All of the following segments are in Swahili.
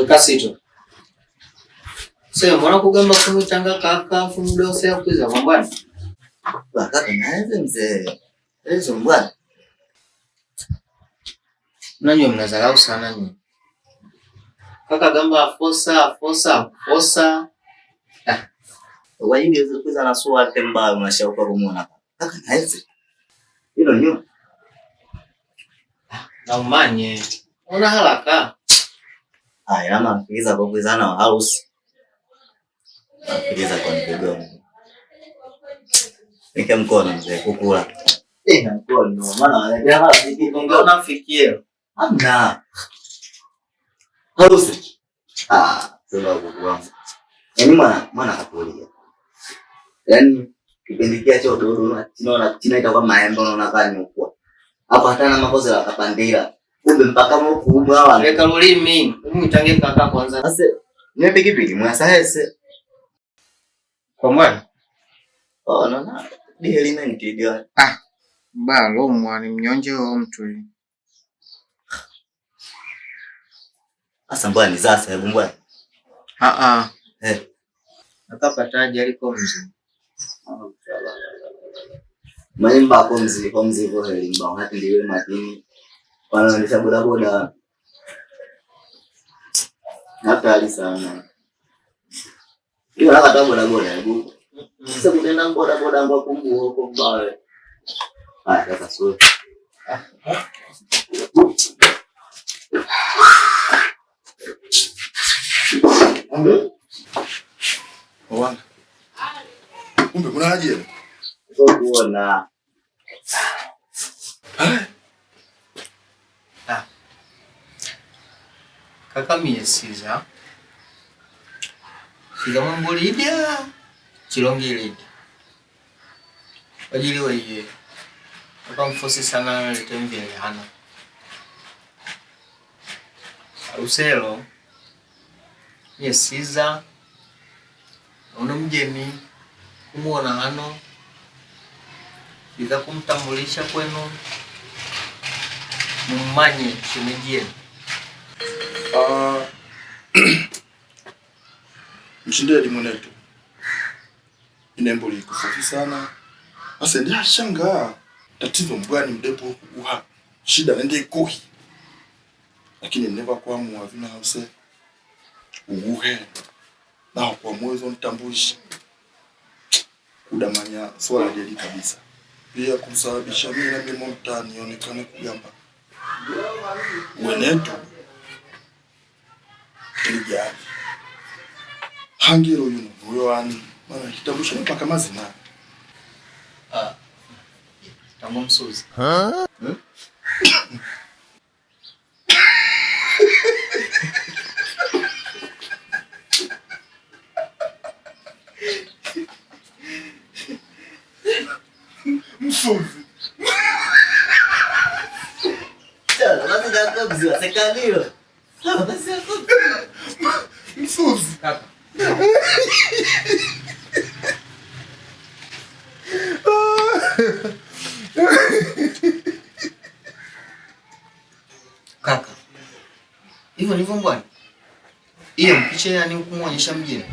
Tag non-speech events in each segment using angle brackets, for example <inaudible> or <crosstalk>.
wekasitho sema wanakugamba kumwitanga kaka fumdose akuiza kwambwana kaka naeze mzee ezo mbwana nanyo mnazarau sana nyo kaka gamba afosa afosa afosa wayingi kuiza nasuwa temba unashauka kumwona kaka naeze hilo nyo ah, naumanye ona haraka Ina maana anafikiriza kwa kuizana wa house. Anafikiriza kwa mpigo. nike mkono mzee kukula. Eh, mkono maana wanajama Ah, yaani mwana mwana kakulia. Yaani, kipindi kia cha kwa maembe unaona kama ni Hapa hata na makosa kapandira. Weka ulimi umwitange kaka kwanza. Sasa niende kipi mwasa hese kwa mwana oh, no, no. Ah, balo mwani mnyonje wa mtu sasa mbwani sasa hebu mbwani ah, ah. eh. Akapata ajali kwa mzee maimba kwa mzee kwa mzee kwa helimba hadi madini wanaendesha bodaboda hatari sana. Hiyo nakata bodaboda hebu sasa kutenda boda kwa kumbu huko mbaya. Haya sasa sio. Owana. Kumbe kuna aje? Sio kuona. Ah. kakami yesiza sigamwambulidya chilongilidi wajili weye akamfosi sana litemvyelehana aluselo yesiza uno mjeni kumuona hano siza kumtambulisha kwenu mummanye shemeji Uh, mwenetu limu letu inembo sana ase ndiashanga tatizo mbwani mdepo uha shida nende kuhi lakini neva mwa vina hause uguhe na kwa mwezo ntambushi kudamanya swala jeli kabisa pia kumsababisha mimi na mimi mtani onekane kugamba mwenetu kirya hangiro yuno mwoyo wanu mana kitabu shino paka mazina ah tamam suzi ha msuzi Nasıl kalkıyor bizi? Sen kalkıyor. Nasıl kalkıyor? Msuzi. Kaka. Hivyo ndivyo mbwana. Hiyo mpicha yani huku mjini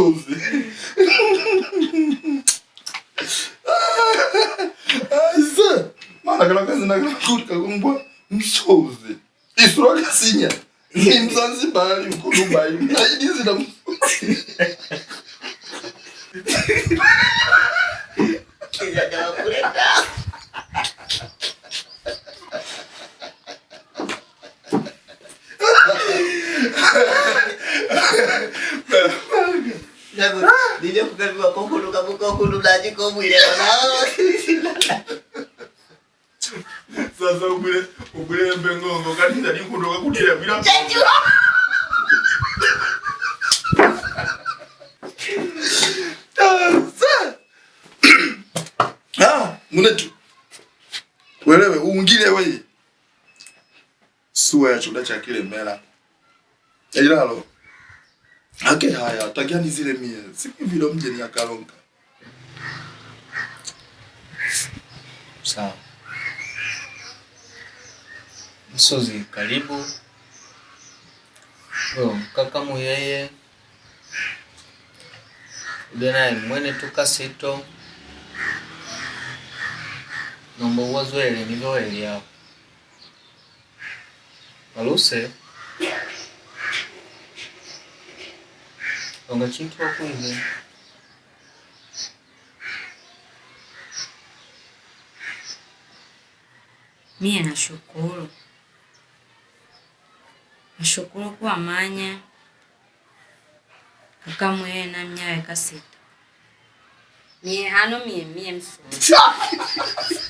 msosi aise ah, mana kana kazina kakutka kumbwa msosi isura kasinya ni mzanzibari mkulubai mnaidizi na msosi nilyokugabiwa kokuluka kokululanyi komwilelonao sasa ugule ugule embengongo kati ndali kundoka kutira bila Ah, mwenetu. Wewe uungile Suwa ya chakula cha kile mela. Ilalo. Hake haya takiani zile mie siku vile mje ni akalonga sawa. Msozi karibu wewe mkakamu yeye ude naye mwene tukasito nomba uwazwele nivyoeli yao waluse Ongachitwa kunze mie nashukuru, nashukuru kuwa manya ukamwena mnyawe kasita mie hano mie mie msuu <laughs>